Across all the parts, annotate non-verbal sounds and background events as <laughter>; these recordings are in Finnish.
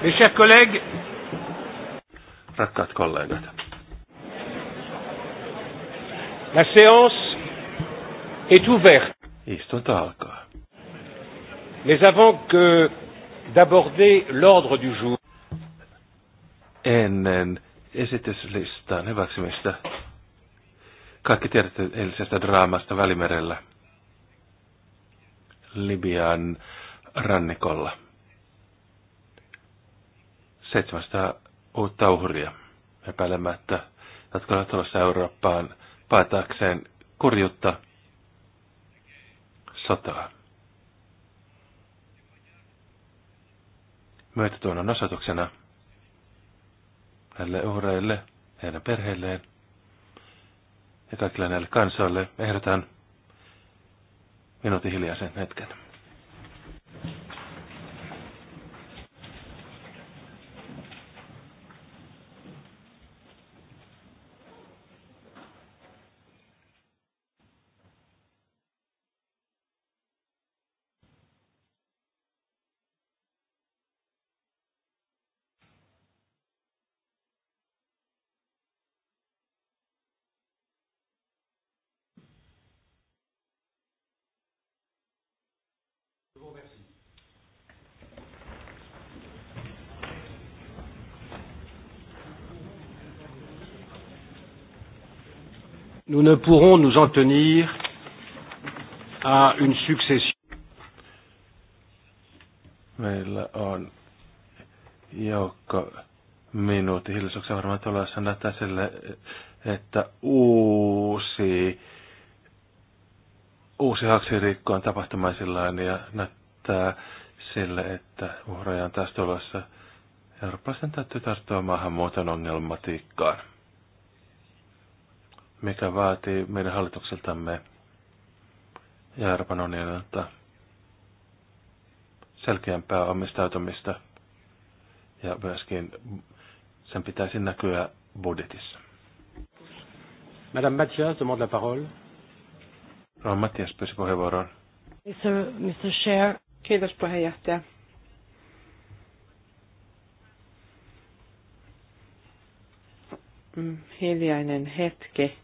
Mes chers collègues, rakkaat kollegat. La séance est ouverte. Istunto alkaa. Mais avant que d'aborder l'ordre du jour. Ennen esityslistaan hyväksymistä. Kaikki tiedätte eilisestä draamasta Välimerellä. Libian rannikolla. 700 uutta uhria epäilemättä, jotka ovat tulossa Eurooppaan paetaakseen kurjutta sotaa. Myötätuonnon osoituksena näille uhreille, heidän perheilleen ja kaikille näille kansoille ehdotan minuutin hiljaisen hetken. ne pourrons nous en tenir à une succession. Meillä on joukko minuutin hiljaisuuksia varmaan tulossa näyttää sille, että uusi, uusi haksirikko on tapahtumaisillaan ja näyttää sille, että uhraja on taas tulossa. Eurooppalaisten täytyy tarttua maahanmuuton ongelmatiikkaan mikä vaatii meidän hallitukseltamme ja Euroopan unionilta selkeämpää omistautumista ja myöskin sen pitäisi näkyä budjetissa. Madame Mathias demande la parole. Rouva Mathias pyysi Mr. Mr. Chair. Kiitos puheenjohtaja. Mm, hiljainen hetki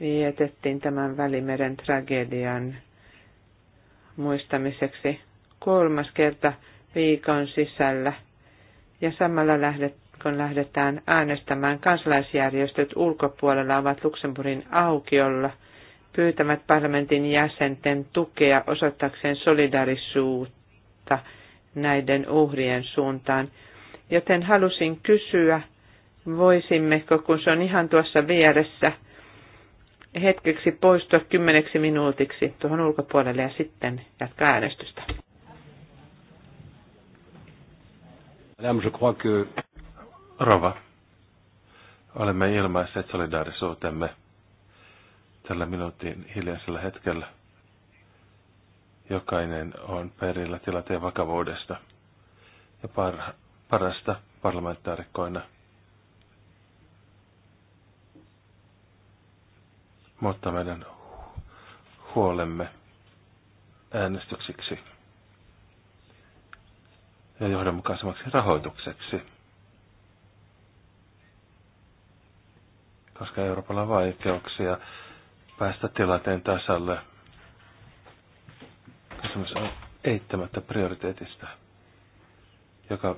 vietettiin tämän Välimeren tragedian muistamiseksi kolmas kerta viikon sisällä. Ja samalla lähdet, kun lähdetään äänestämään, kansalaisjärjestöt ulkopuolella ovat Luxemburgin aukiolla, pyytävät parlamentin jäsenten tukea osoittakseen solidarisuutta näiden uhrien suuntaan. Joten halusin kysyä, voisimmeko, kun se on ihan tuossa vieressä – hetkeksi poistua kymmeneksi minuutiksi tuohon ulkopuolelle ja sitten jatkaa äänestystä. Madame, je crois que... Rova, olemme ilmaisseet solidaarisuutemme tällä minuutin hiljaisella hetkellä. Jokainen on perillä tilanteen vakavuudesta ja parha, parasta parlamentaarikkoina – muuttaa meidän huolemme äänestyksiksi ja johdonmukaisemmaksi rahoitukseksi. Koska Euroopalla on vaikeuksia päästä tilanteen tasalle. Kysymys on eittämättä prioriteetista, joka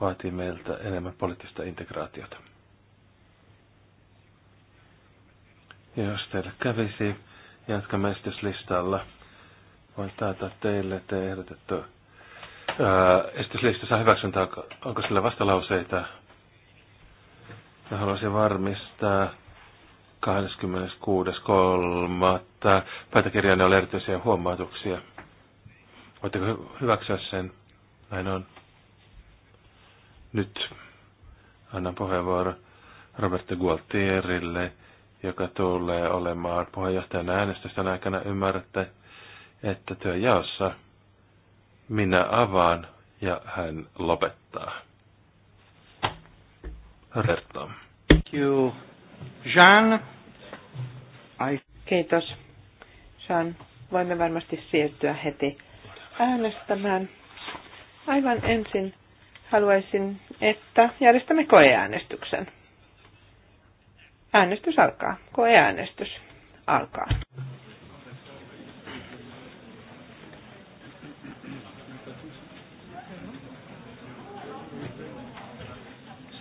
vaatii meiltä enemmän poliittista integraatiota. Jos teille kävisi, jatkamme esityslistalla. Voin taata teille, te ehdotettu ää, esityslistassa hyväksyntää, onko sillä vastalauseita. Mä haluaisin varmistaa 26.3. Päätäkirjainen oli erityisiä huomautuksia. Voitteko hyväksyä sen? Näin on. Nyt annan puheenvuoro Roberto Gualtierille joka tulee olemaan puheenjohtajan äänestysten aikana, ymmärrätte, että työjaossa minä avaan ja hän lopettaa. Roberto. Thank you, Jean. I... Kiitos, Jean. Voimme varmasti siirtyä heti äänestämään. Aivan ensin haluaisin, että järjestämme koeäänestyksen. Äänestys alkaa. Koeäänestys alkaa.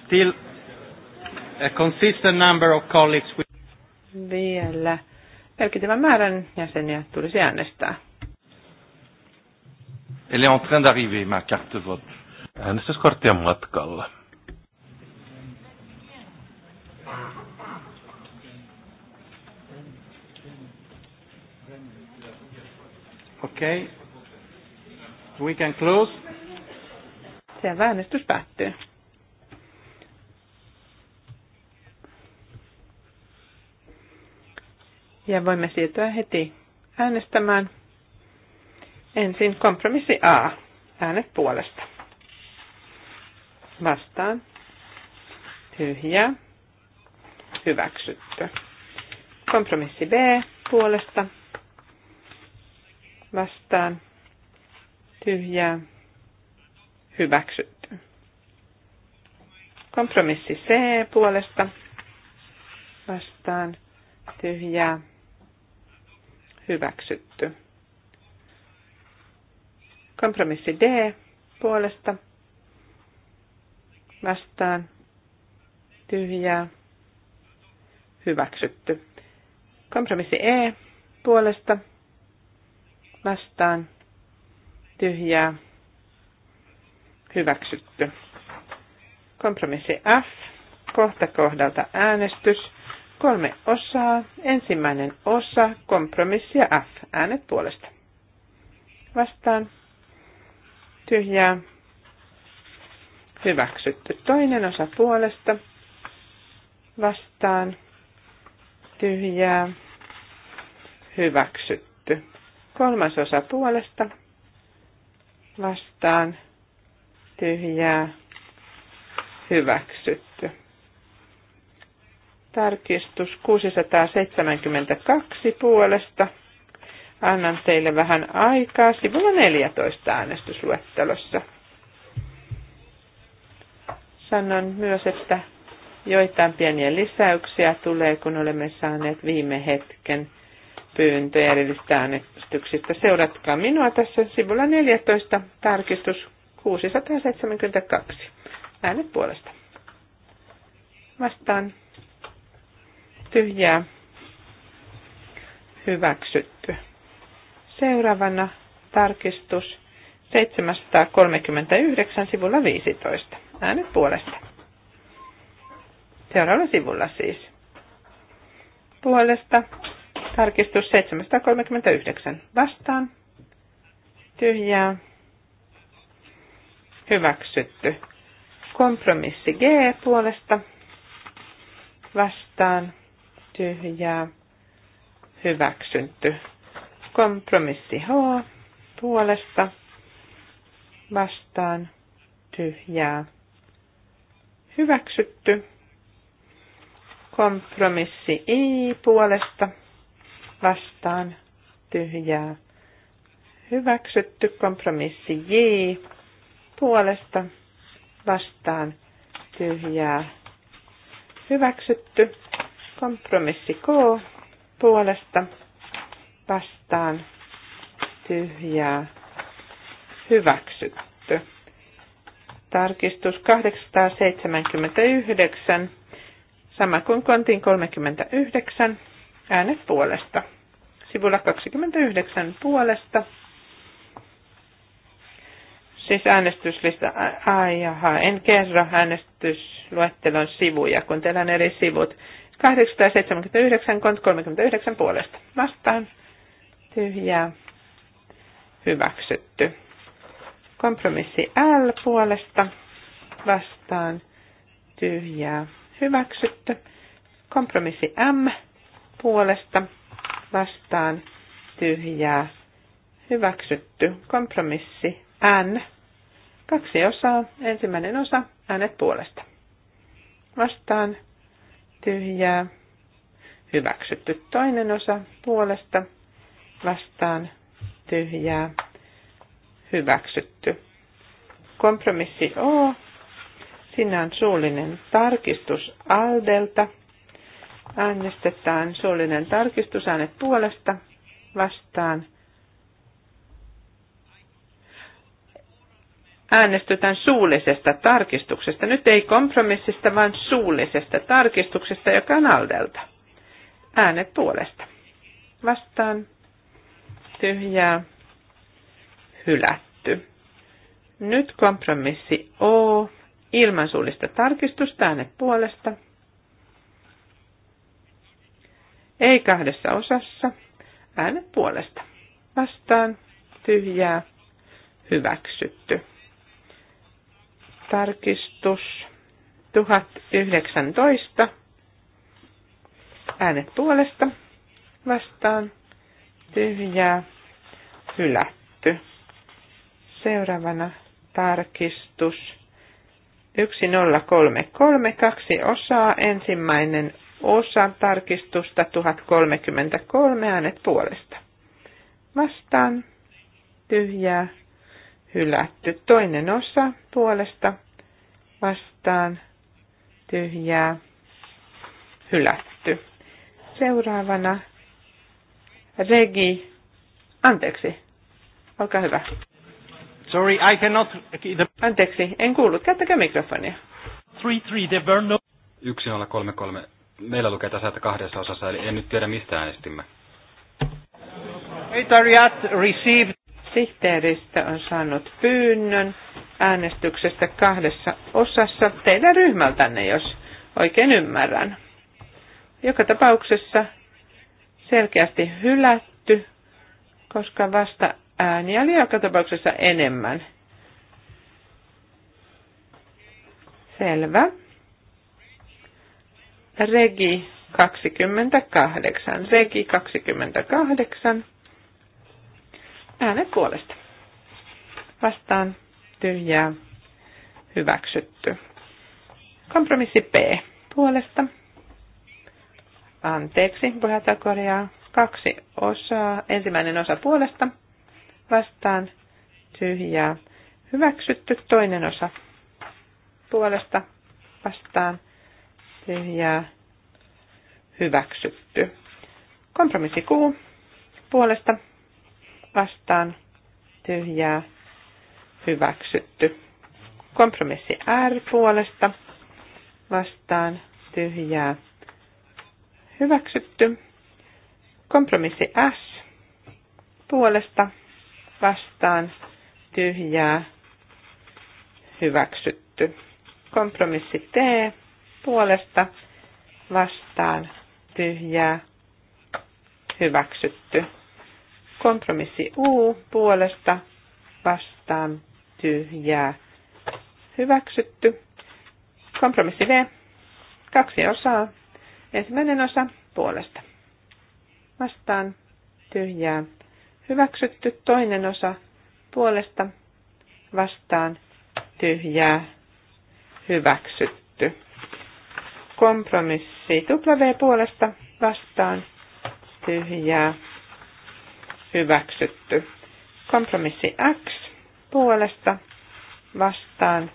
Still a consistent number of colleagues with... Vielä merkittävän määrän jäseniä tulisi äänestää. Elle est en train d'arriver, ma carte vote. Äänestyskortti on matkalla. Okei. Okay. We can close. Se äänestys päättyy. Ja voimme siirtyä heti äänestämään. Ensin kompromissi A. Äänet puolesta. Vastaan. Tyhjä. Hyväksytty. Kompromissi B puolesta vastaan tyhjää hyväksytty. Kompromissi C puolesta vastaan tyhjää hyväksytty. Kompromissi D puolesta vastaan tyhjää hyväksytty. Kompromissi E puolesta vastaan tyhjää hyväksytty. Kompromissi F, kohta kohdalta äänestys, kolme osaa, ensimmäinen osa, kompromissia F, äänet puolesta. Vastaan tyhjää hyväksytty. Toinen osa puolesta vastaan tyhjää hyväksytty. Kolmasosa puolesta vastaan tyhjää hyväksytty. Tarkistus 672 puolesta. Annan teille vähän aikaa. Sivulla 14 äänestysluettelossa. Sanon myös, että joitain pieniä lisäyksiä tulee, kun olemme saaneet viime hetken pyyntöjä edellistäänettä äänestyksistä. Seuratkaa minua tässä sivulla 14, tarkistus 672. Äänet puolesta. Vastaan. Tyhjää. Hyväksytty. Seuraavana tarkistus 739 sivulla 15. Äänet puolesta. Seuraavalla sivulla siis. Puolesta Tarkistus 739. Vastaan. Tyhjää. Hyväksytty. Kompromissi G puolesta. Vastaan. Tyhjää. Hyväksytty. Kompromissi H puolesta. Vastaan. Tyhjää. Hyväksytty kompromissi I puolesta vastaan tyhjää. Hyväksytty kompromissi J puolesta vastaan tyhjää. Hyväksytty kompromissi K puolesta vastaan tyhjää. Hyväksytty. Tarkistus 879, sama kuin kontin 39 äänet puolesta. Sivulla 29 puolesta. Siis äänestyslista, ai jaha, en kerro äänestysluettelon sivuja, kun teillä on eri sivut. 879, 39 puolesta. Vastaan. Tyhjää. Hyväksytty. Kompromissi L puolesta. Vastaan. Tyhjää. Hyväksytty. Kompromissi M puolesta vastaan tyhjää hyväksytty kompromissi N. Kaksi osaa. Ensimmäinen osa äänet puolesta. Vastaan tyhjää hyväksytty toinen osa puolesta vastaan tyhjää hyväksytty. Kompromissi O. Siinä on suullinen tarkistus Aldelta – Äänestetään suullinen tarkistus, äänet puolesta, vastaan. Äänestetään suullisesta tarkistuksesta. Nyt ei kompromissista, vaan suullisesta tarkistuksesta, joka on Aldelta. Äänet puolesta. Vastaan. Tyhjää. Hylätty. Nyt kompromissi O. Ilman suullista tarkistusta äänet puolesta Ei kahdessa osassa. Äänet puolesta. Vastaan. Tyhjää. Hyväksytty. Tarkistus 1019. Äänet puolesta. Vastaan. Tyhjää. Hylätty. Seuraavana tarkistus 1033, kaksi osaa. Ensimmäinen osan tarkistusta 1033 äänet puolesta. Vastaan tyhjää hylätty. Toinen osa puolesta vastaan tyhjää hylätty. Seuraavana Regi, anteeksi, olkaa hyvä. Sorry, I cannot... Anteeksi, en kuullut. Käyttäkää mikrofonia. 3-3, there were no... 1033 meillä lukee tässä, että kahdessa osassa, eli en nyt tiedä mistä äänestimme. Secretariat received... Sihteeristä on saanut pyynnön äänestyksestä kahdessa osassa teidän ryhmältänne, jos oikein ymmärrän. Joka tapauksessa selkeästi hylätty, koska vasta ääniä oli joka tapauksessa enemmän. Selvä. Regi 28. Regi 28. Äänet puolesta. Vastaan tyhjää. Hyväksytty. Kompromissi P puolesta. Anteeksi, puhetta korjaa. Kaksi osaa. Ensimmäinen osa puolesta. Vastaan tyhjää. Hyväksytty toinen osa puolesta vastaan ja hyväksytty. Kompromissi kuu puolesta vastaan tyhjää hyväksytty. Kompromissi R puolesta vastaan tyhjää hyväksytty. Kompromissi S puolesta vastaan tyhjää hyväksytty. Kompromissi T puolesta vastaan tyhjää hyväksytty. Kompromissi U puolesta vastaan tyhjää hyväksytty. Kompromissi V. Kaksi osaa. Ensimmäinen osa puolesta. Vastaan tyhjää hyväksytty. Toinen osa puolesta vastaan tyhjää hyväksytty. Kompromissi W puolesta vastaan tyhjää hyväksytty. Kompromissi X puolesta vastaan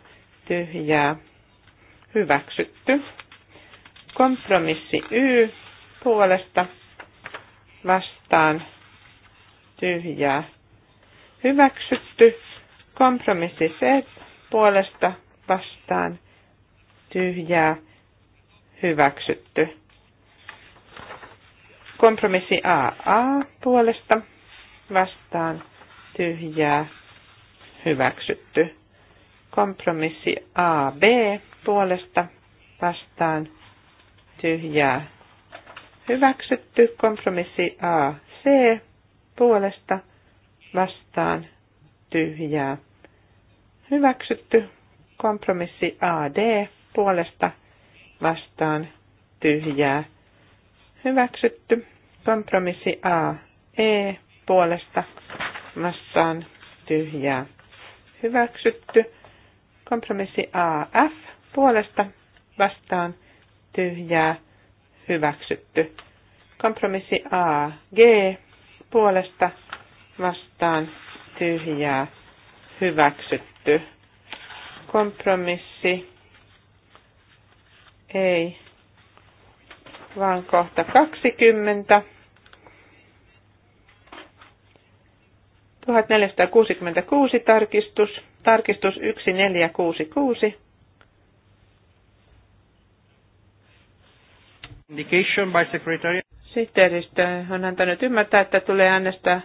tyhjää hyväksytty. Kompromissi Y puolesta vastaan tyhjää hyväksytty. Kompromissi Z puolesta vastaan tyhjää hyväksytty. Kompromissi AA puolesta vastaan tyhjää hyväksytty. Kompromissi AB puolesta vastaan tyhjää hyväksytty. Kompromissi AC puolesta vastaan tyhjää hyväksytty. Kompromissi AD puolesta vastaan tyhjää. Hyväksytty. Kompromissi A. E puolesta vastaan tyhjää. Hyväksytty. Kompromissi A. F puolesta vastaan tyhjää. Hyväksytty. Kompromissi A. G puolesta vastaan tyhjää. Hyväksytty. Kompromissi ei, vaan kohta 20. 1466 tarkistus, tarkistus 1466. Indication by secretary. Sihteeristö on antanut ymmärtää, että tulee äänestää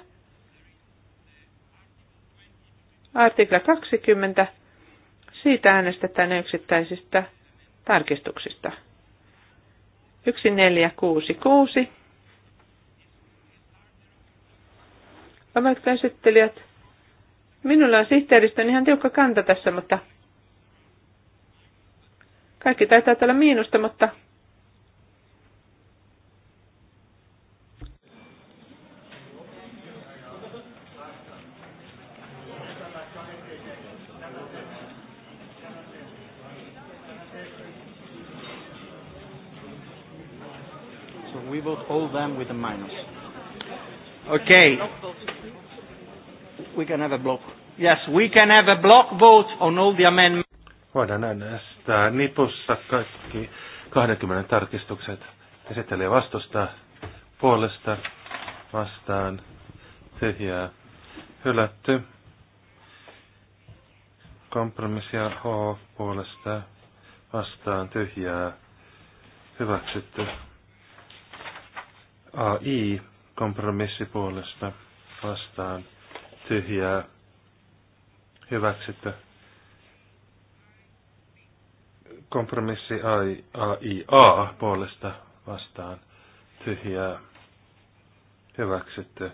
artikla 20. Siitä äänestetään yksittäisistä tarkistuksista. 1466. Ovatko käsittelijät. Minulla on sihteeristön ihan tiukka kanta tässä, mutta kaikki taitaa olla miinusta, mutta them with a minus. Okay. We can have a block. Yes, we can have a block vote on all the amendments. Voidaan äänestää nipussa kaikki 20 tarkistukset. Esittelijä vastustaa puolesta vastaan tyhjää hylätty. Kompromissia H puolesta vastaan tyhjää hyväksytty. AI kompromissipuolesta vastaan tyhjää hyväksytty. Kompromissi AI, AIA puolesta vastaan tyhjää hyväksytty.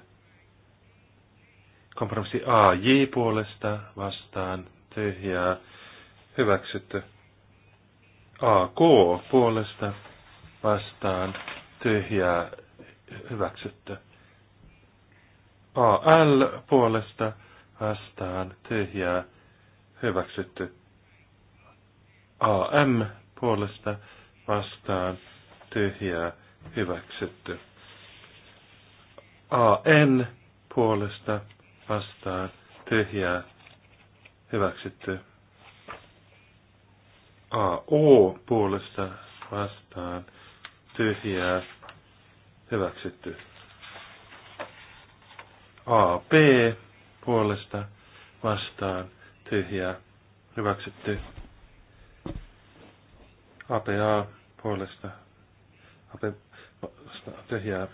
Kompromissi AJ puolesta vastaan tyhjää hyväksytty. AK puolesta vastaan tyhjää hyväksytty. AL puolesta vastaan tyhjää hyväksytty. AM puolesta vastaan tyhjää hyväksytty. AN puolesta vastaan tyhjää hyväksytty. AO puolesta vastaan tyhjää hyväksytty. B puolesta vastaan tyhjää hyväksytty. A puolesta B, vastaan tyhjää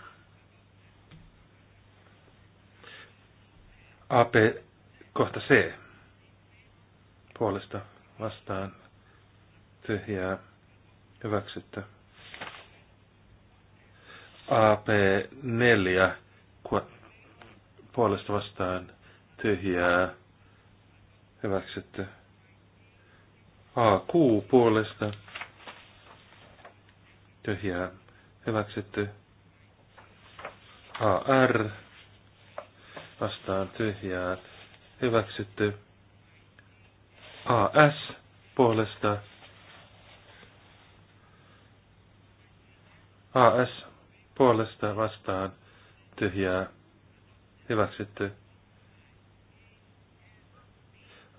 B, kohta C puolesta vastaan tyhjää hyväksytty. AP4 puolesta vastaan tyhjää hyväksytty. AQ puolesta tyhjää hyväksytty. AR vastaan tyhjää hyväksytty. AS puolesta AS puolesta vastaan tyhjää hyväksytty.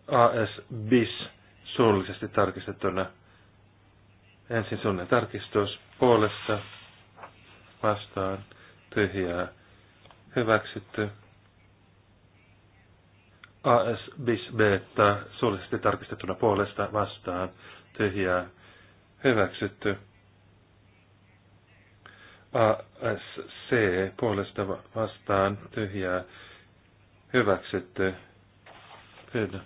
AS bis suullisesti tarkistettuna. Ensin sunne tarkistus puolesta vastaan tyhjää hyväksytty. AS bis beta suullisesti tarkistettuna puolesta vastaan tyhjää hyväksytty. ASC puolesta vastaan tyhjää hyväksytty. Pyydän.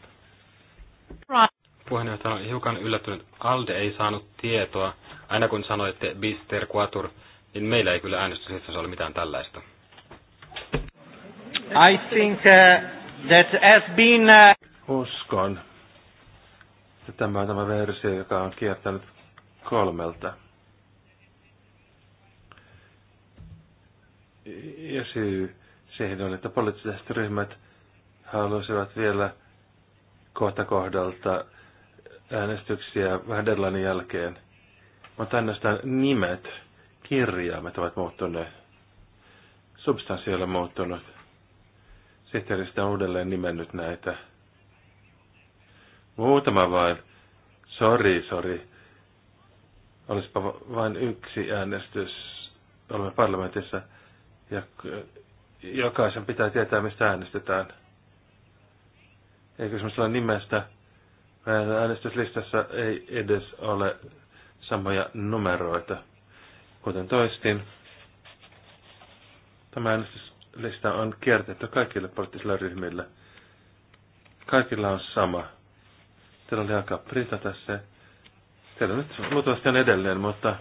Puheenjohtaja on hiukan yllättynyt. Alde ei saanut tietoa. Aina kun sanoitte bister quatur, niin meillä ei kyllä äänestyksessä ole mitään tällaista. I think uh, that has been... Uh... Uskon. Tämä on tämä versio, joka on kiertänyt kolmelta. Ja syy siihen on, että poliittiset ryhmät halusivat vielä kohta kohdalta äänestyksiä vähän deadline jälkeen. Mutta ainoastaan nimet, kirjaimet ovat muuttuneet. Substanssi ei ole muuttunut. Sihteeristä on uudelleen nimennyt näitä. Muutama vain. Sori, sori. Olisipa vain yksi äänestys. Olemme parlamentissa. Ja jokaisen pitää tietää, mistä äänestetään. Eikö semmoisella nimestä äänestyslistassa ei edes ole samoja numeroita. Kuten toistin, tämä äänestyslista on kiertetty kaikille poliittisille ryhmille. Kaikilla on sama. Teillä oli aika printata se. Teillä nyt luultavasti on edelleen, mutta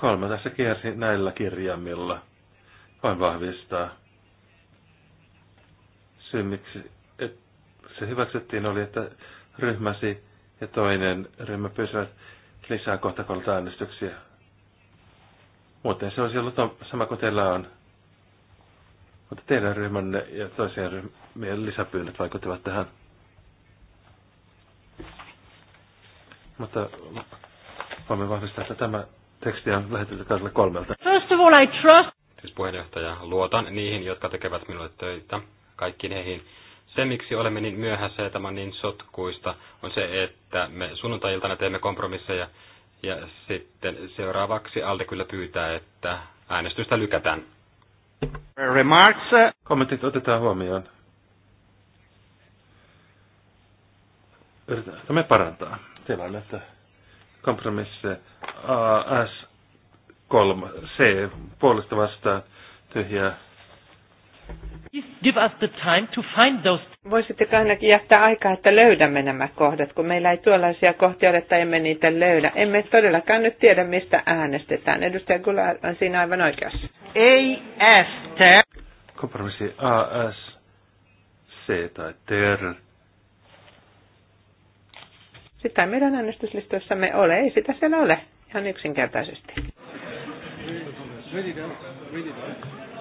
Kolme tässä kiersi näillä kirjaimilla. Vain vahvistaa. Syy, miksi se hyväksyttiin, oli, että ryhmäsi ja toinen ryhmä pysyvät lisää kohtakolta äänestyksiä. Muuten se olisi ollut sama kuin teillä on. Mutta teidän ryhmänne ja toisen ryhmien lisäpyynnöt vaikuttivat tähän. Mutta voimme vahvistaa, että tämä tekstiä lähetetty kansalle kolmelta. First of all, I trust... Siis puheenjohtaja, luotan niihin, jotka tekevät minulle töitä, kaikkiin heihin. Se, miksi olemme niin myöhässä ja tämä on niin sotkuista, on se, että me sunnuntai-iltana teemme kompromisseja ja sitten seuraavaksi Alde kyllä pyytää, että äänestystä lykätään. Remarks. Kommentit otetaan huomioon. me parantaa tilannetta. Kompromisseja AS 3, C, puolesta vastaan, tyhjää. Give us the time to find those. Voisitteko ainakin jättää aikaa, että löydämme nämä kohdat, kun meillä ei tuollaisia kohtia ole että emme niitä löydä. Emme todellakaan nyt tiedä, mistä äänestetään. Edustaja Gula on siinä aivan oikeassa. Ei ästä. Kompromissi AS, C tai TR. Sitä meidän äänestyslistoissamme ole, ei sitä siellä ole. Ihan yksinkertaisesti.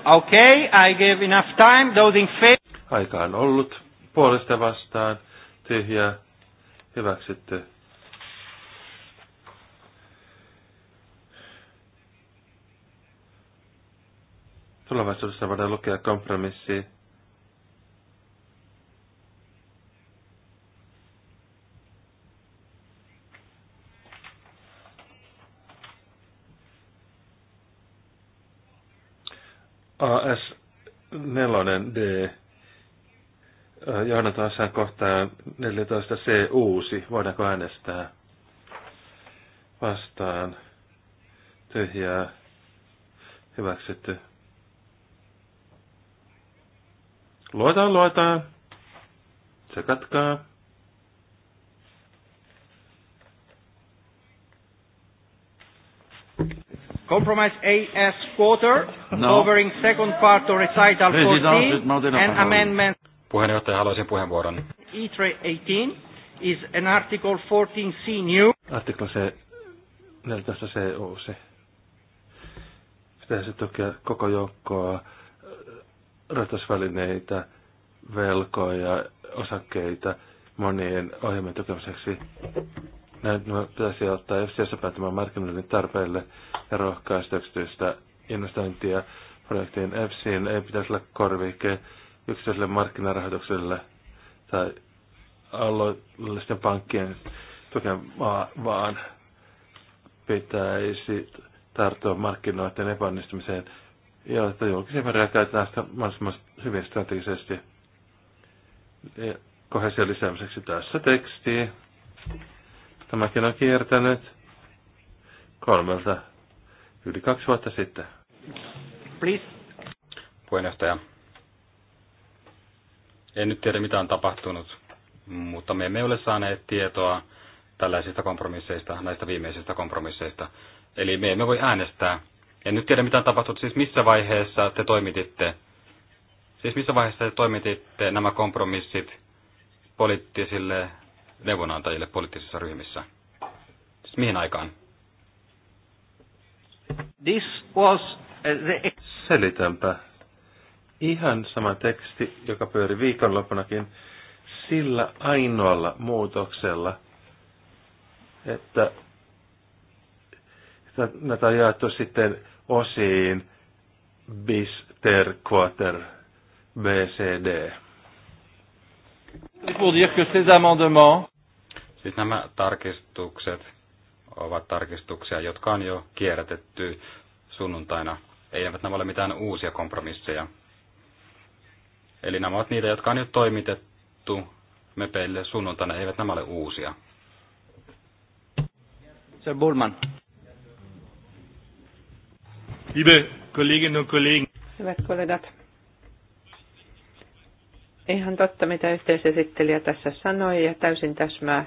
Okay, I gave enough time. Those in favor. Aika on ollut puolesta vastaan. Tyhjää. Hyväksytty. Tulevaisuudessa voidaan lukea kompromissi AS4D äh, johdanto osaan kohtaa 14c uusi. Voidaanko äänestää vastaan? Tyhjää. Hyväksytty. Luetaan, luetaan. Se katkaa. Compromise AS quarter, no. covering second part of recital 14 and amendment. Puheenjohtaja haluaisin puheenvuoron. ITRE e 18 is an article 14c new. Artikla C, 14c uusi. Pitäisi tukea koko joukkoa ratasvälineitä, velkoja, osakkeita monien ohjelmien tukemiseksi. Nämä pitäisi ottaa FCS päättämään markkinoinnin tarpeille ja rohkaista yksityistä investointia projektiin. EFSIin. ei pitäisi olla korvike yksityiselle markkinarahoitukselle tai alueellisten pankkien tukemaa, vaan pitäisi tarttua markkinoiden epäonnistumiseen, että julkisia varoja käytetään sitä mahdollisimman hyvin strategisesti kohesion lisäämiseksi tässä tekstiä. Tämäkin on kiertänyt kolmelta yli kaksi vuotta sitten. Please. Puheenjohtaja. En nyt tiedä, mitä on tapahtunut, mutta me emme ole saaneet tietoa tällaisista kompromisseista, näistä viimeisistä kompromisseista. Eli me emme voi äänestää. En nyt tiedä, mitä on tapahtunut. Siis missä vaiheessa te toimititte, siis missä vaiheessa te toimititte nämä kompromissit poliittisille neuvonantajille poliittisissa ryhmissä? Siis mihin aikaan? This was uh, the... Selitänpä. Ihan sama teksti, joka pyöri viikonloppunakin, sillä ainoalla muutoksella, että, näitä on jaettu sitten osiin bis ter quater b, c, d. Pour dire que ces amendements Siis nämä tarkistukset ovat tarkistuksia, jotka on jo kierrätetty sunnuntaina. Eivät nämä ole mitään uusia kompromisseja. Eli nämä ovat niitä, jotka on jo toimitettu mepeille sunnuntaina. Eivät nämä ole uusia. Sir Bullman. Liebe Kolleginnen und Kollegen. Hyvät kollegat. Ihan totta, mitä yhteisesittelijä tässä sanoi ja täysin täsmää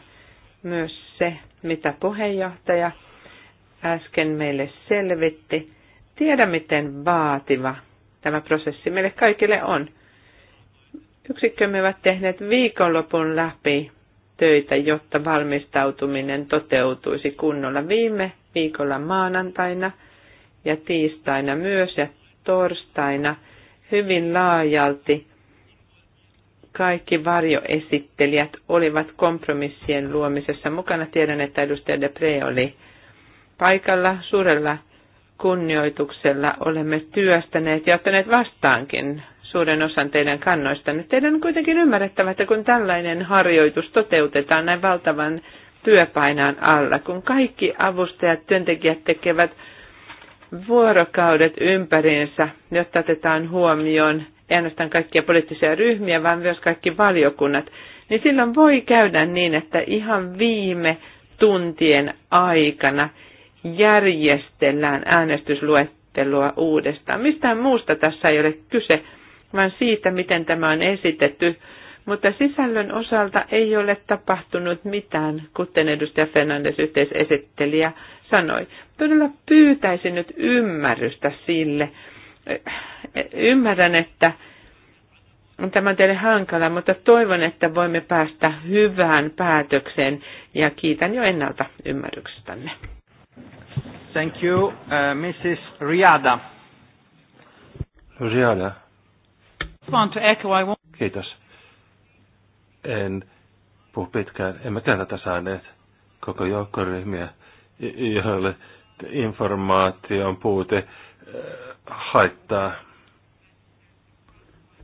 myös se, mitä puheenjohtaja äsken meille selvitti. Tiedä, miten vaativa tämä prosessi meille kaikille on. Yksikkömme ovat tehneet viikonlopun läpi töitä, jotta valmistautuminen toteutuisi kunnolla viime viikolla maanantaina ja tiistaina myös ja torstaina hyvin laajalti kaikki varjoesittelijät olivat kompromissien luomisessa mukana. Tiedän, että edustaja Depre oli paikalla suurella kunnioituksella. Olemme työstäneet ja ottaneet vastaankin suuren osan teidän Nyt Teidän on kuitenkin ymmärrettävä, että kun tällainen harjoitus toteutetaan näin valtavan työpainaan alla, kun kaikki avustajat, työntekijät tekevät vuorokaudet ympäriinsä, jotta otetaan huomioon ei ainoastaan kaikkia poliittisia ryhmiä, vaan myös kaikki valiokunnat, niin silloin voi käydä niin, että ihan viime tuntien aikana järjestellään äänestysluettelua uudestaan. Mistään muusta tässä ei ole kyse, vaan siitä, miten tämä on esitetty. Mutta sisällön osalta ei ole tapahtunut mitään, kuten edustaja Fernandes yhteisesittelijä sanoi. Todella pyytäisin nyt ymmärrystä sille, Ymmärrän, että on tämä teille hankala, mutta toivon, että voimme päästä hyvään päätökseen ja kiitän jo ennalta ymmärryksestänne. Thank you, uh, Mrs. Riada. Riada. Want to echo, I want... Kiitos. En puhu pitkään. Emme tätä saaneet koko joukkoryhmiä, joille informaation puute haittaa.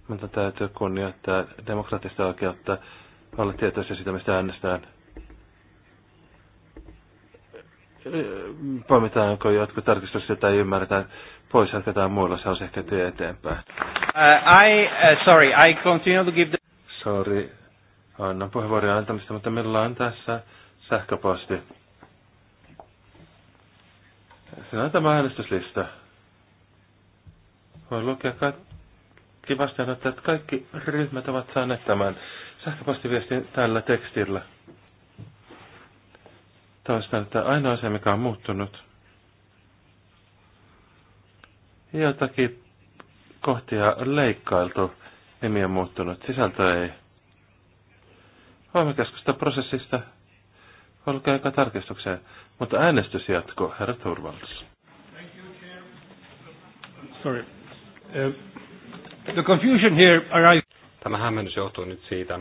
Meidän täytyy kunnioittaa demokraattista oikeutta olla tietoisia siitä, mistä äänestään. Poimitaanko jotkut tarkistukset tai ymmärretä? pois, jatketaan muilla, se on ehkä työ eteenpäin. Uh, I, uh, sorry, I continue to give the... Sorry, annan puheenvuoron antamista, mutta meillä on tässä sähköposti. Siinä on tämä äänestyslista. Voi lukea kaikki että Kaikki ryhmät ovat saaneet tämän sähköpostiviestin tällä tekstillä. Toistan, että ainoa asia, mikä on muuttunut, jotakin kohtia leikkailtu, nimi on muuttunut, sisältö ei. Voimme prosessista, olkaa aika tarkistukseen, mutta äänestys jatkuu, herra Turvallis. Sorry. Uh, the confusion here arises. Tämä hämmennys johtuu nyt siitä,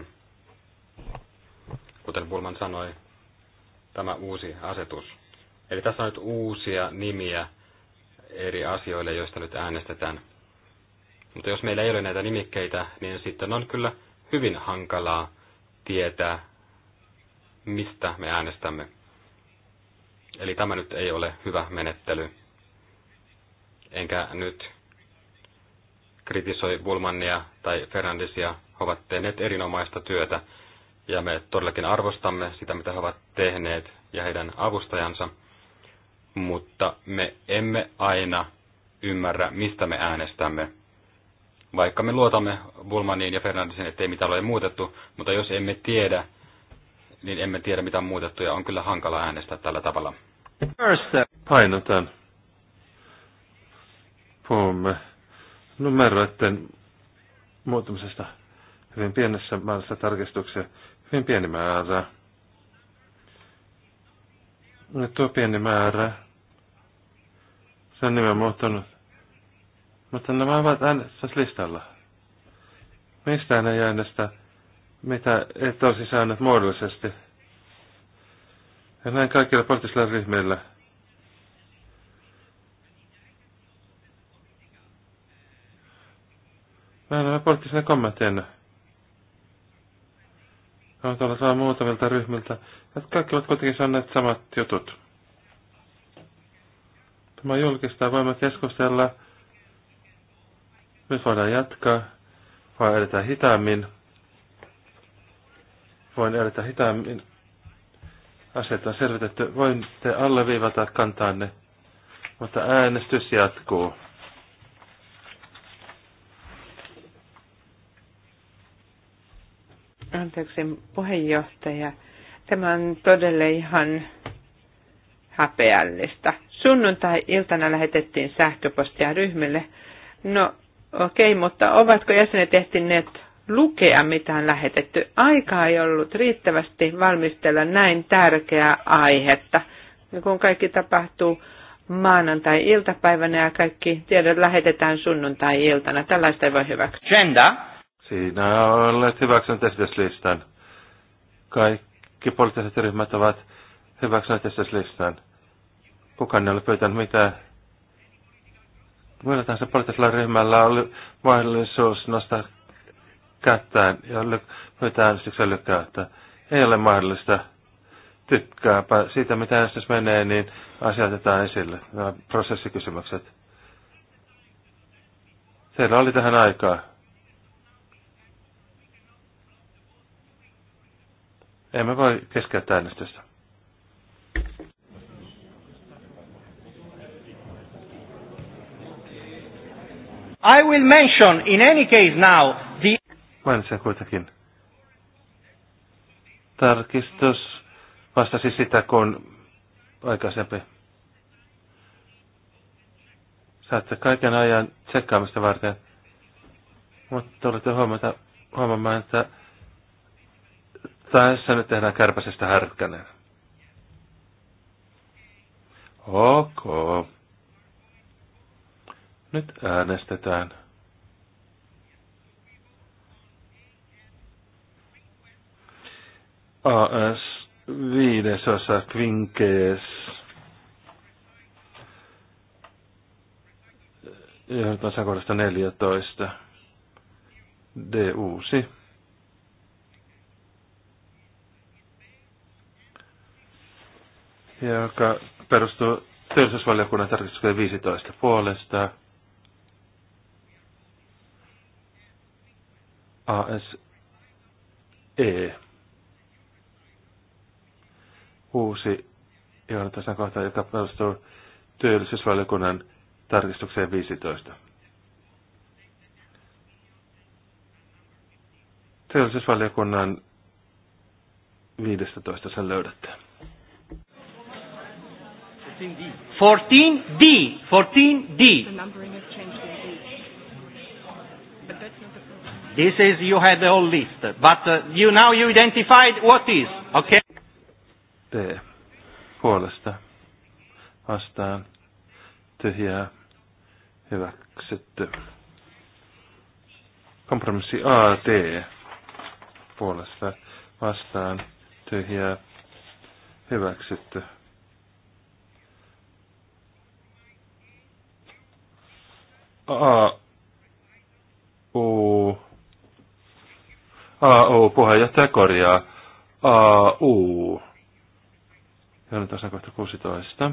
kuten Bulman sanoi, tämä uusi asetus. Eli tässä on nyt uusia nimiä eri asioille, joista nyt äänestetään. Mutta jos meillä ei ole näitä nimikkeitä, niin sitten on kyllä hyvin hankalaa tietää, mistä me äänestämme. Eli tämä nyt ei ole hyvä menettely. Enkä nyt kritisoi Bulmannia tai Fernandesia. He ovat tehneet erinomaista työtä ja me todellakin arvostamme sitä, mitä he ovat tehneet ja heidän avustajansa, mutta me emme aina ymmärrä, mistä me äänestämme. Vaikka me luotamme Bulmaniin ja Fernandesin, ettei mitään ole muutettu, mutta jos emme tiedä, niin emme tiedä, mitä on muutettu, ja on kyllä hankala äänestää tällä tavalla. First, painotan. Puhumme numeroiden muutumisesta hyvin pienessä määrässä tarkistuksia, hyvin pieni määrä. Ja tuo pieni määrä, sen nimen muuttunut. Mutta nämä ovat äänestyslistalla. mistä ne äänestä, mitä et olisi saanut muodollisesti. Ja näin kaikilla poliittisilla ryhmillä – En ole poliittisena kommentteina. Olen tuolla saa muutamilta ryhmiltä, että kaikki ovat kuitenkin saaneet samat jutut. Tämä julkistaa, voimme keskustella. Nyt voidaan jatkaa, voi edetä hitaammin. Voin edetä hitaammin. Asiat on selvitetty. te alleviivata kantaanne, mutta äänestys jatkuu. anteeksi, puheenjohtaja. Tämä on todella ihan häpeällistä. Sunnuntai-iltana lähetettiin sähköpostia ryhmille. No okei, okay, mutta ovatko jäsenet ehtineet lukea, mitä on lähetetty? Aikaa ei ollut riittävästi valmistella näin tärkeää aihetta. Ja kun kaikki tapahtuu maanantai-iltapäivänä ja kaikki tiedot lähetetään sunnuntai-iltana. Tällaista ei voi hyväksyä. Agenda Siinä olet hyväksynyt esityslistan. Kaikki poliittiset ryhmät ovat hyväksyneet esityslistan. Kukaan ei ole pyytänyt mitään. Millä tahansa poliittisella ryhmällä oli mahdollisuus nostaa kättään ja pyytää äänestyksen lykkäyttä. Ei ole mahdollista. Tykkääpä siitä, mitä äänestys menee, niin asiatetaan esille. Nämä prosessikysymykset. Teillä oli tähän aikaa. Emme voi keskeyttää äänestystä. I will mention in any case now the... Mainitsen kuitenkin. Tarkistus vastasi sitä, kun aikaisempi. Saatte kaiken ajan tsekkaamista varten. Mutta tulette huomata, huomaamaan, että tässä nyt tehdään kärpäsestä härkkänen. Ok. Nyt äänestetään. AS viidesosa kvinkees. Johdataan kohdasta 14. D uusi. joka perustuu työllisyysvaliokunnan tarkistukseen 15 puolesta. ASE. Uusi johdatusana kohta, joka perustuu työllisyysvaliokunnan tarkistukseen 15. Työllisyysvaliokunnan 15 sen löydätte. 14D. 14D. 14D. This is, you had the whole list, but uh, you now you identified what is, okay? B. Puolesta. Vastaan. Tyhjää. Hyväksytty. Kompromissi A, D. Puolesta. Vastaan. Tyhjää. Hyväksytty. AU, AU puheenjohtaja korjaa. AU. Ja nyt tässä kohta 16.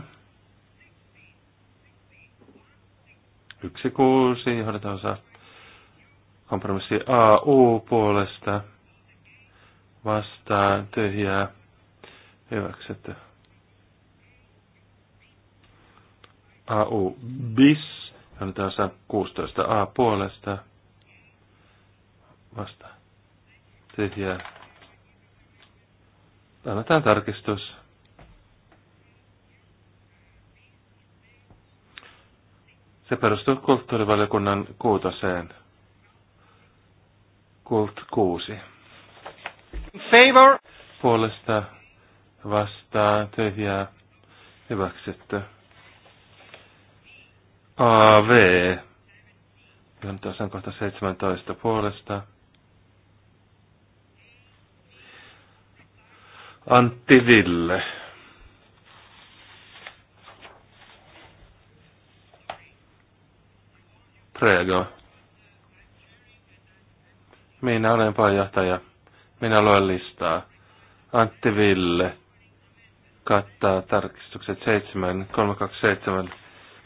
1, 6, johdetaan osa kompromissi AU puolesta vastaan tyhjää hyväksytty. AU bis Annetaan saa 16a puolesta vasta. Tyhjää. Annetaan tarkistus. Se perustuu kulttuurivaliokunnan kuutoseen. Kult 6. Favor. Puolesta vastaan tyhjää hyväksytty. AV. Ja nyt on kohta 17 puolesta. Antti Ville. Prego. Minä olen pajahtaja. Minä luen listaa. Antti Ville kattaa tarkistukset 7, 327,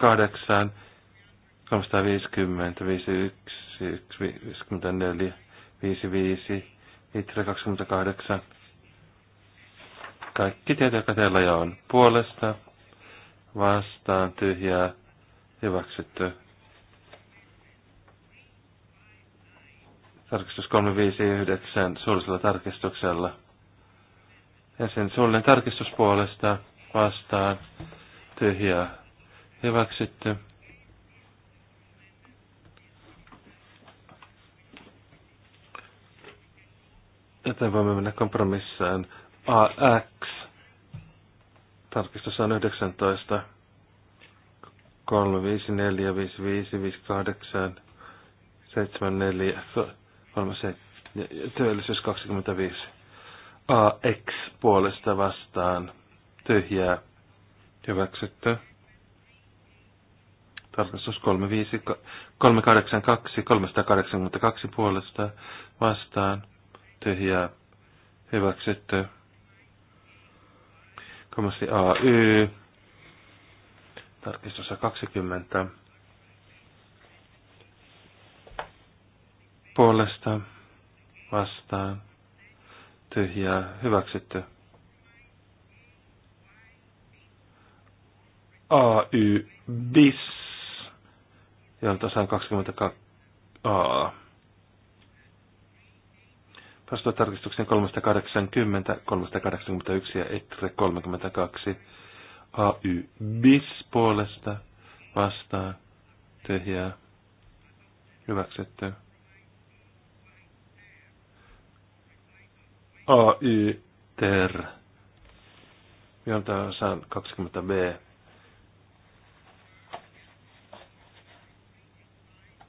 kahdeksan 350, 51, 54, 55, Itre 28. Kaikki tieto, joka on. Puolesta, vastaan, tyhjää, hyväksytty. Tarkistus 359 suullisella tarkistuksella. Ensin suullinen tarkistus puolesta, vastaan, tyhjää, hyväksytty. Joten voimme mennä kompromissaan AX. Tarkistus on 19. 354 5, 4, 5, 5, työllisyys 25. AX puolesta vastaan tyhjää hyväksytty. Tarkastus 382, 382 puolesta vastaan. Tyhjää. Hyväksytty. Kommassi AY. Tarkistus 20. Puolesta vastaan. Tyhjää. Hyväksytty. AY bis jolta saan 22 a. tarkistuksen 380, 381 ja etre 32 AY bis puolesta vastaa tyhjää hyväksytty. AY ter, jolta saan 20 B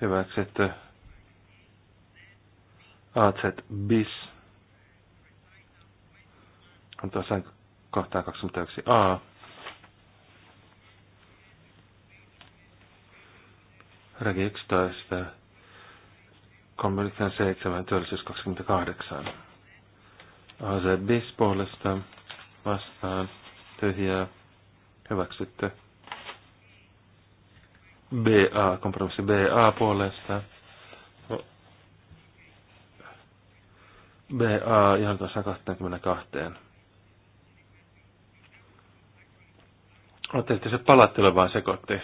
hyväksytty AZ bis on tuossa kohtaa 21a. Regi 11, 37, työllisyys 28. AZ bis puolesta vastaan tyhjää hyväksytty. BA, kompromissi BA puolesta. No. BA ihan tuossa 22. Otettiin se palattelu vaan sekoitti.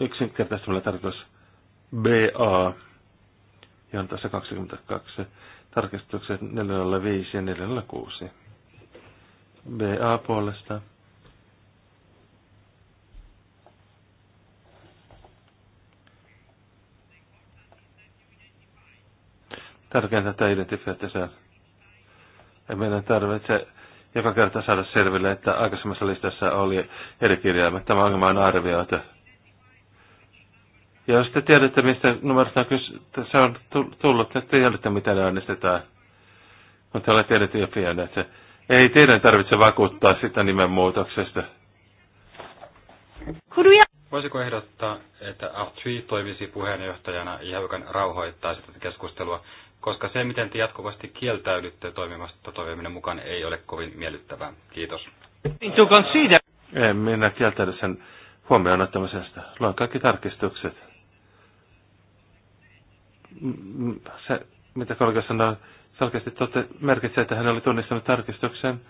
Yksinkertaistamalla tarkoitus BA, johon tässä 22, tarkistukset 405 ja 406. BA puolesta tärkeintä tämä identiteetti se Ei meidän tarvitse joka kerta saada selville, että aikaisemmassa listassa oli eri kirjaimet. Tämä ongelma on arvioitu. Ja jos te tiedätte, mistä numerosta on kyse, se on tullut, että te tiedätte, mitä ne onnistetaan. Mutta olette tiedätte jo pian, että ei teidän tarvitse vakuuttaa sitä nimenmuutoksesta. Voisiko ehdottaa, että Ahtui toimisi puheenjohtajana ja hiukan rauhoittaa sitä keskustelua, koska se, miten te jatkuvasti kieltäydytte toimimasta toimiminen mukaan, ei ole kovin miellyttävää. Kiitos. En minä kieltäydy sen huomioon ottamisesta. Luen kaikki tarkistukset. Se, mitä kollega sanoi, selkeästi tote, merkitsee, että hän oli tunnistanut tarkistuksen.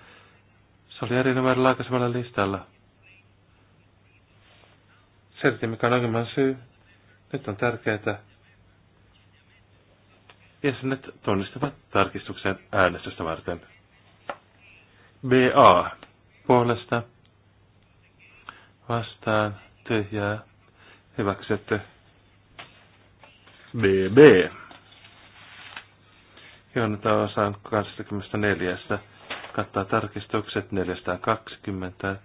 Se oli eri aikaisemmalla listalla. Selitin, mikä on ongelman syy. Nyt on tärkeää, jäsenet tunnistavat tarkistuksen äänestystä varten. BA. Puolesta. Vastaan. Tyhjää. Hyväksytty. BB. Joonata osaan 24. Kattaa tarkistukset 420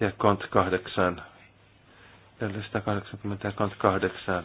ja kont 8. 480 ja kont 8.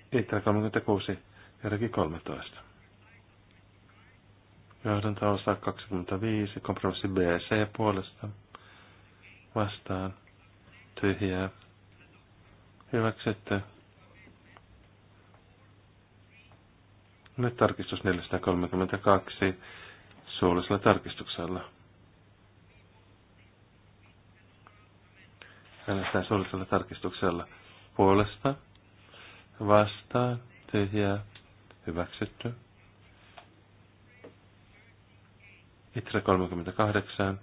Itra 36, Järki 13. Johdanto osa 25, kompromissi B ja C puolesta. Vastaan. Tyhjää. Hyväksytty. Nyt tarkistus 432 suullisella tarkistuksella. Äänestään suullisella tarkistuksella puolesta vastaan, tyhjää, hyväksytty. Itra 38.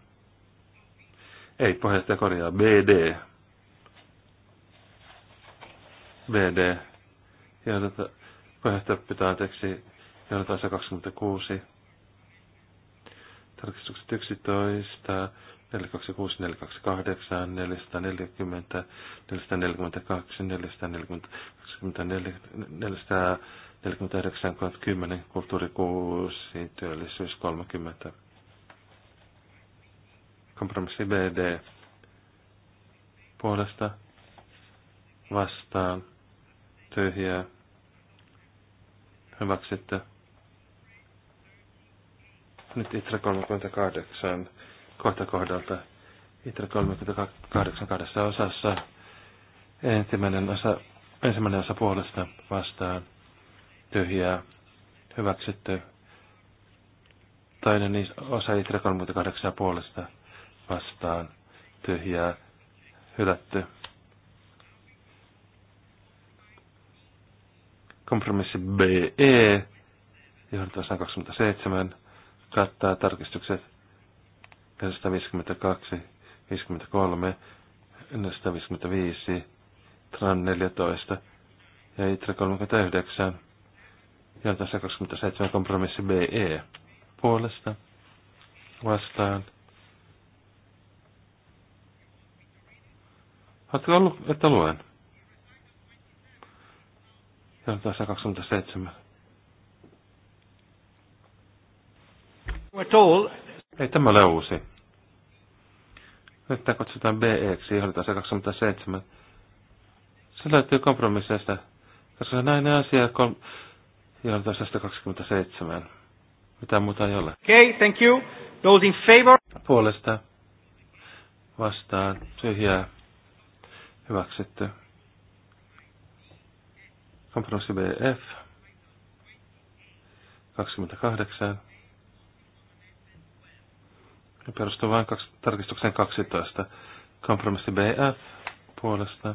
Ei, puheenjohtaja korjaa. BD. BD. Johdata, puheenjohtaja pitää anteeksi. Johdata 26. Tarkistukset 11, 426, 428, 440, 442, 440, 449 10 kulttuuri 6, työllisyys 30. Kompromissi BD puolesta vastaan tyhjää hyväksytty. Nyt Itra 38 kohta kohdalta. Itra 38 kahdessa osassa. Ensimmäinen osa Ensimmäinen osa puolesta vastaan tyhjää hyväksytty. Toinen osa Itra 38 puolesta vastaan tyhjää hylätty. Kompromissi BE, johon 27, kattaa tarkistukset 152, 53, 155, Tran 14 ja Itra 39 ja tässä 27 kompromissi BE puolesta vastaan. Oletko ollut, että luen? Ja tässä 27. Ei tämä ole uusi. Nyt tämä kutsutaan BE-ksi, johdetaan 127. Se löytyy kompromisseista, koska se on näin asia kol- 27. Mitä muuta ei ole. Okay, thank you. Those in favor. Puolesta vastaan tyhjää hyväksytty. Kompromissi BF 28. Perustuu vain tarkistukseen 12. Kompromissi BF puolesta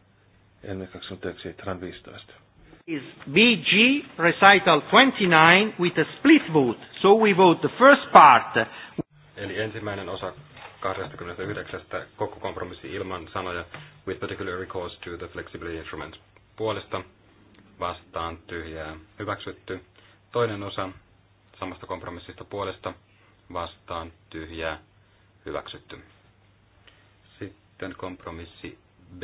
ennen 21, tran 15. Is BG recital 29 with a split vote. So we vote the first part. Eli ensimmäinen osa 29. koko kompromissi ilman sanoja with particular recourse to the flexibility instrument puolesta vastaan tyhjää hyväksytty. Toinen osa samasta kompromissista puolesta vastaan tyhjää hyväksytty. Sitten kompromissi B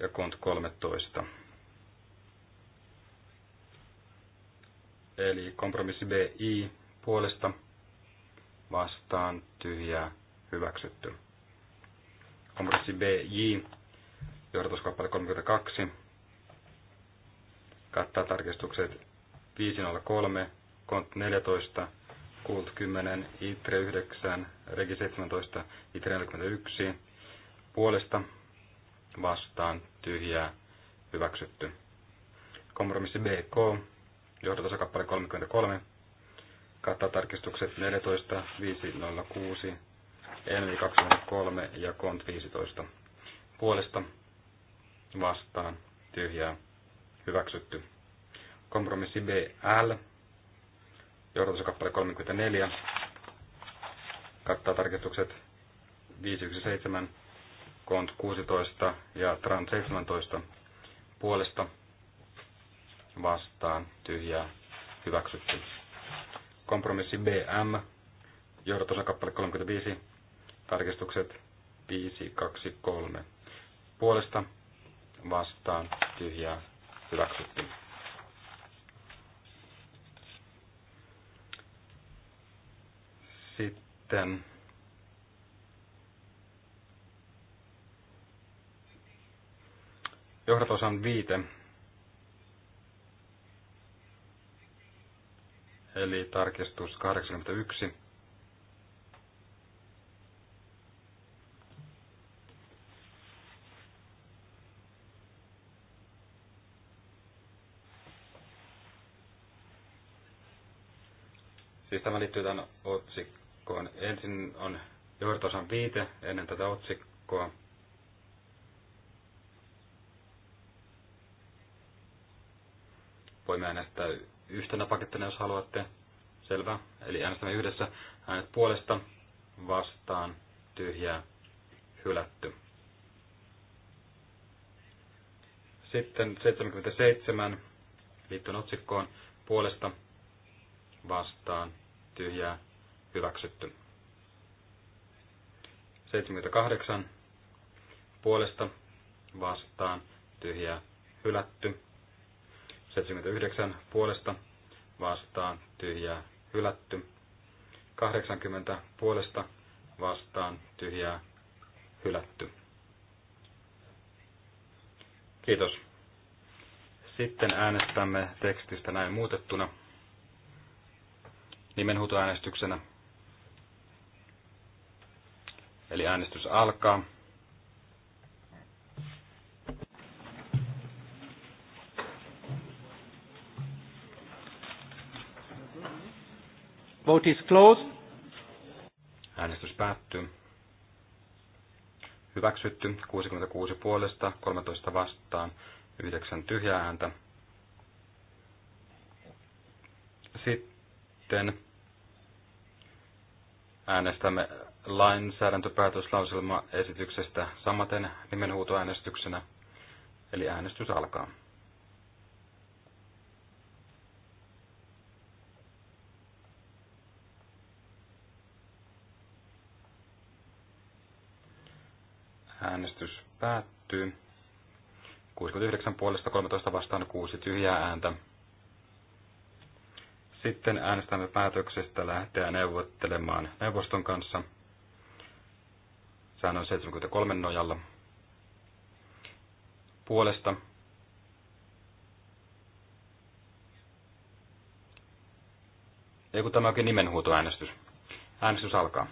ja kont 13. Eli kompromissi BI puolesta vastaan tyhjää hyväksytty. Kompromissi BJ, johdatuskappale 32, kattaa tarkistukset 503, kont 14, kult 10, itre 9, regi 17, itre 41, puolesta vastaan tyhjää hyväksytty. Kompromissi BK, johdatus 33, kattaa tarkistukset 14, 506, Envi 23 ja Kont 15. Puolesta vastaan tyhjää hyväksytty. Kompromissi BL, johdatus 34, kattaa tarkistukset 517, Kont 16 ja Tran 17 puolesta vastaan tyhjää hyväksytty. Kompromissi BM, johdotosa kappale 35, tarkistukset 523 puolesta vastaan tyhjää hyväksytty. Sitten johdatosan viite. Eli tarkistus 81. Siis tämä liittyy tämän otsikkoon. Ensin on johdatosan viite ennen tätä otsikkoa. Voimme äänestää yhtenä pakettina, jos haluatte. Selvä. Eli äänestämme yhdessä äänet puolesta, vastaan, tyhjää, hylätty. Sitten 77 liittyen otsikkoon puolesta, vastaan, tyhjää, hyväksytty. 78 puolesta, vastaan, tyhjää, hylätty. 79 puolesta vastaan tyhjää hylätty. 80 puolesta vastaan tyhjää hylätty. Kiitos. Sitten äänestämme tekstistä näin muutettuna nimenhuutoäänestyksenä. Eli äänestys alkaa. Vote is closed. Äänestys päättyy. Hyväksytty 66 puolesta, 13 vastaan, 9 tyhjää ääntä. Sitten äänestämme esityksestä samaten nimenhuutoäänestyksenä, eli äänestys alkaa. Äänestys päättyy. 69 puolesta 13 vastaan 6 tyhjää ääntä. Sitten äänestämme päätöksestä lähteä neuvottelemaan neuvoston kanssa säännön 73 nojalla puolesta Ei kun tämä onkin nimenhuutoäänestys. Äänestys alkaa.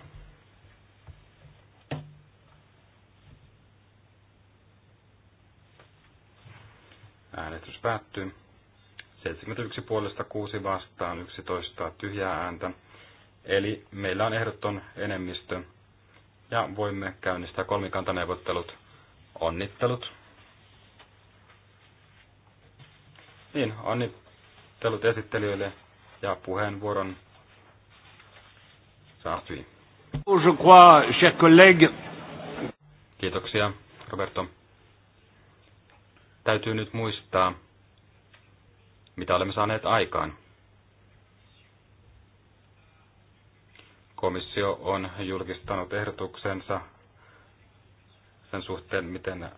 Äänestys päättyy. 71 puolesta 6 vastaan 11 tyhjää ääntä. Eli meillä on ehdoton enemmistö ja voimme käynnistää kolmikantaneuvottelut. Onnittelut. Niin, onnittelut esittelijöille ja puheenvuoron saa Kiitoksia, Roberto täytyy nyt muistaa, mitä olemme saaneet aikaan. Komissio on julkistanut ehdotuksensa sen suhteen, miten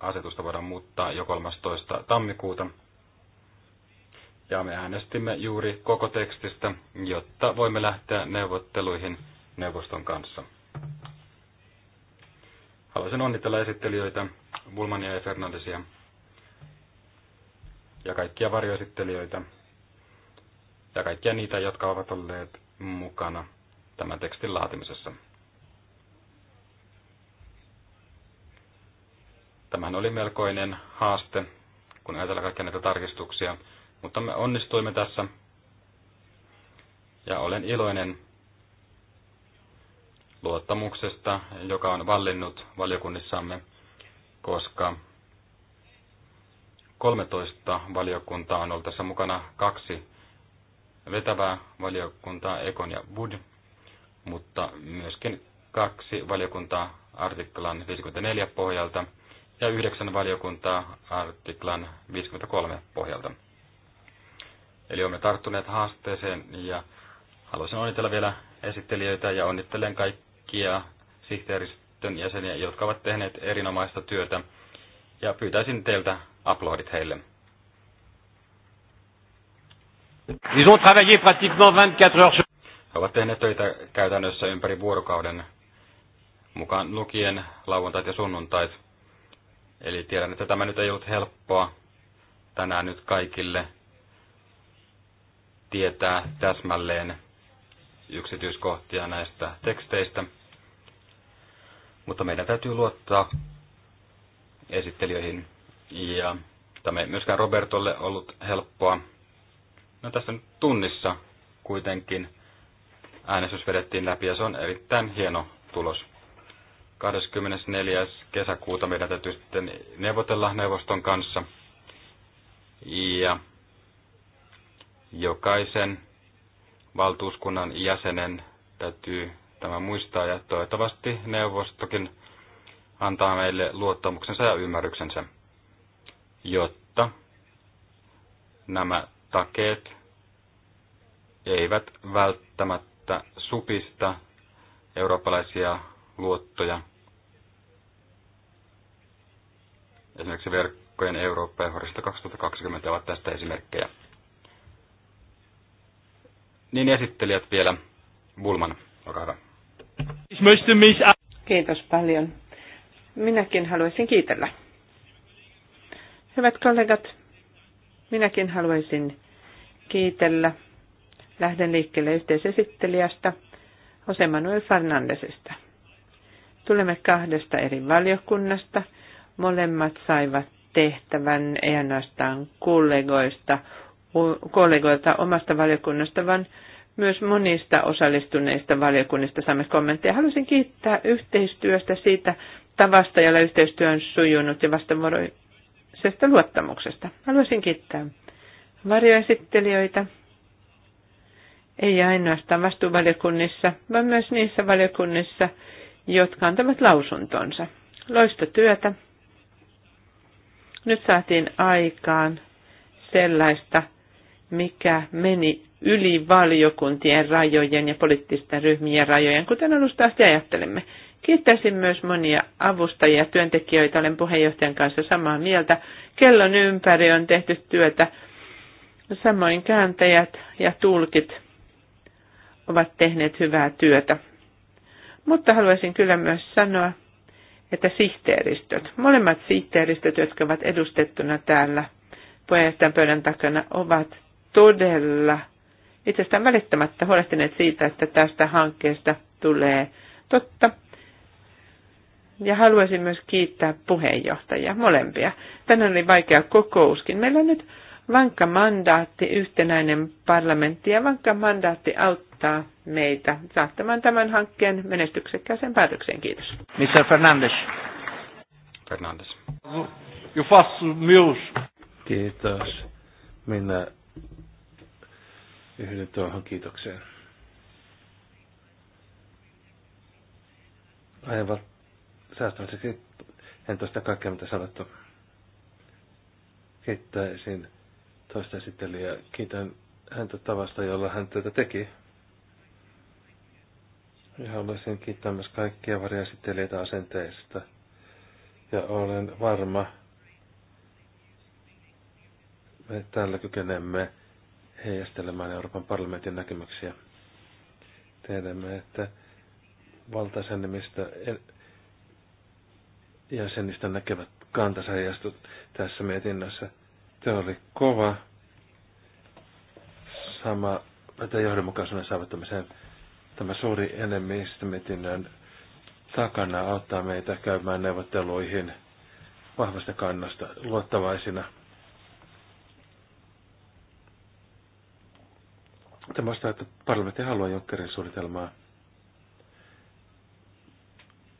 asetusta voidaan muuttaa jo 13. tammikuuta. Ja me äänestimme juuri koko tekstistä, jotta voimme lähteä neuvotteluihin neuvoston kanssa. Haluaisin onnitella esittelijöitä Bulmania ja Fernandesia ja kaikkia varjoesittelijöitä ja kaikkia niitä, jotka ovat olleet mukana tämän tekstin laatimisessa. Tämähän oli melkoinen haaste, kun ajatellaan kaikkia näitä tarkistuksia, mutta me onnistuimme tässä ja olen iloinen luottamuksesta, joka on vallinnut valiokunnissamme, koska 13 valiokuntaa on ollut tässä mukana kaksi vetävää valiokuntaa, Ekon ja Bud, mutta myöskin kaksi valiokuntaa artiklan 54 pohjalta ja yhdeksän valiokuntaa artiklan 53 pohjalta. Eli olemme tarttuneet haasteeseen ja haluaisin onnitella vielä esittelijöitä ja onnittelen kaikkia sihteeristön jäseniä, jotka ovat tehneet erinomaista työtä. Ja pyytäisin teiltä applaudit heille. Ils ont travaillé pratiquement 24 heures sur... He ovat tehneet töitä käytännössä ympäri vuorokauden, mukaan lukien lauantait ja sunnuntait. Eli tiedän, että tämä nyt ei ollut helppoa tänään nyt kaikille tietää täsmälleen yksityiskohtia näistä teksteistä. Mutta meidän täytyy luottaa esittelijöihin ja tämä ei myöskään Robertolle ollut helppoa. No tässä nyt tunnissa kuitenkin äänestys vedettiin läpi ja se on erittäin hieno tulos. 24. kesäkuuta meidän täytyy sitten neuvotella neuvoston kanssa. Ja jokaisen valtuuskunnan jäsenen täytyy tämä muistaa ja toivottavasti neuvostokin antaa meille luottamuksensa ja ymmärryksensä jotta nämä takeet eivät välttämättä supista eurooppalaisia luottoja, esimerkiksi verkkojen Eurooppa ja Horista 2020 ovat tästä esimerkkejä. Niin esittelijät vielä. Bulman, olkaa hyvä. Kiitos paljon. Minäkin haluaisin kiitellä Hyvät kollegat, minäkin haluaisin kiitellä. Lähden liikkeelle yhteisesittelijästä Jose Manuel Fernandesista. Tulemme kahdesta eri valiokunnasta. Molemmat saivat tehtävän ei ainoastaan kollegoista, kollegoilta omasta valiokunnasta, vaan myös monista osallistuneista valiokunnista saamme kommentteja. Haluaisin kiittää yhteistyöstä siitä tavasta, jolla yhteistyö on sujunut ja vastavuoroisuudesta yhteisestä luottamuksesta. Haluaisin kiittää varjoesittelijöitä, ei ainoastaan vastuuvaliokunnissa, vaan myös niissä valiokunnissa, jotka antavat lausuntonsa. Loista työtä. Nyt saatiin aikaan sellaista, mikä meni yli valiokuntien rajojen ja poliittisten ryhmien rajojen, kuten alusta asti ajattelimme. Kiittäisin myös monia avustajia, työntekijöitä, olen puheenjohtajan kanssa samaa mieltä. Kellon ympäri on tehty työtä, samoin kääntäjät ja tulkit ovat tehneet hyvää työtä. Mutta haluaisin kyllä myös sanoa, että sihteeristöt, molemmat sihteeristöt, jotka ovat edustettuna täällä puheenjohtajan pöydän takana, ovat todella itsestään välittämättä huolehtineet siitä, että tästä hankkeesta tulee totta ja haluaisin myös kiittää puheenjohtajia, molempia. Tänään oli vaikea kokouskin. Meillä on nyt vankka mandaatti, yhtenäinen parlamentti ja vankka mandaatti auttaa meitä saattamaan tämän hankkeen menestyksekkäisen päätökseen. Kiitos. Mr. Fernandes. Fernandes. Kiitos. Minä yhden tuohon kiitokseen. Aivan säästämiseksi en toista kaikkea, mitä sanottu. Kiittäisin toista esittelijää. Kiitän häntä tavasta, jolla hän työtä teki. Ja haluaisin kiittää myös kaikkia varjaesittelijöitä asenteista. Ja olen varma, me täällä kykenemme heijastelemaan Euroopan parlamentin näkemyksiä. Tiedämme, että valtaisen nimistä jäsenistä näkevät kantansa heijastut tässä mietinnössä. Se oli kova. Sama pätee johdonmukaisuuden saavuttamiseen. Tämä suuri enemmistö mietinnön takana auttaa meitä käymään neuvotteluihin vahvasta kannasta luottavaisina. Tämä vastaa, että parlamentti haluaa Junckerin suunnitelmaa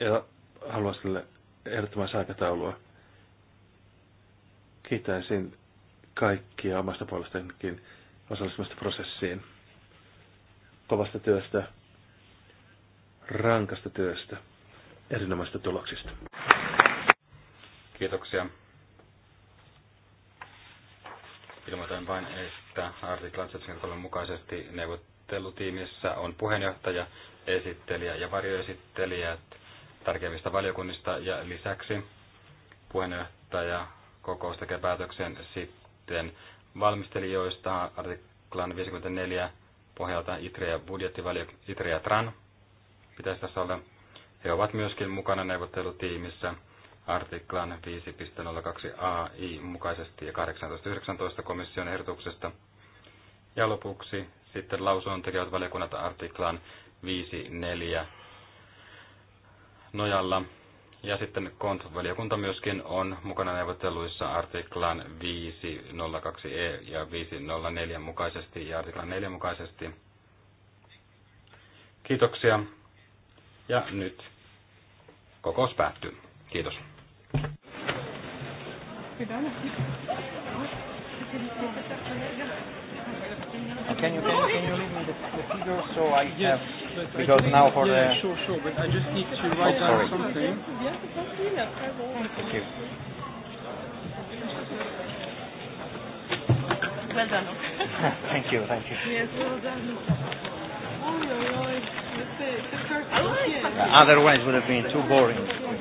ja haluaa sille ehdottomassa aikataulua. Kiitäisin kaikkia omasta puolestankin osallistumista prosessiin. Kovasta työstä, rankasta työstä, erinomaisista tuloksista. Kiitoksia. Ilmoitan vain, että artiklan 73 mukaisesti neuvottelutiimissä on puheenjohtaja, esittelijä ja varjoesittelijät tärkeimmistä valiokunnista ja lisäksi puheenjohtaja kokous tekee päätöksen sitten valmistelijoista artiklan 54 pohjalta ITRE ja budjettivalio, ITRE ja TRAN pitäisi tässä olla. He ovat myöskin mukana neuvottelutiimissä artiklan 5.02 AI mukaisesti ja 18.19 komission ehdotuksesta. Ja lopuksi sitten lausunnon tekevät valiokunnat artiklan 5.4 nojalla. Ja sitten kontvaliokunta myöskin on mukana neuvotteluissa artiklan 502e ja 504 mukaisesti ja artiklan 4 mukaisesti. Kiitoksia. Ja nyt kokous päättyy. Kiitos. Kiitos can you can you, can you leave me the, the figure so I yes, have because I now for yeah, the sure sure but I just need to write oh, down sorry. something. Thank you. Well done. <laughs> thank you, thank you. Yes, well done. Oh, no, no, it's, it's, it's Otherwise, it would have been too boring.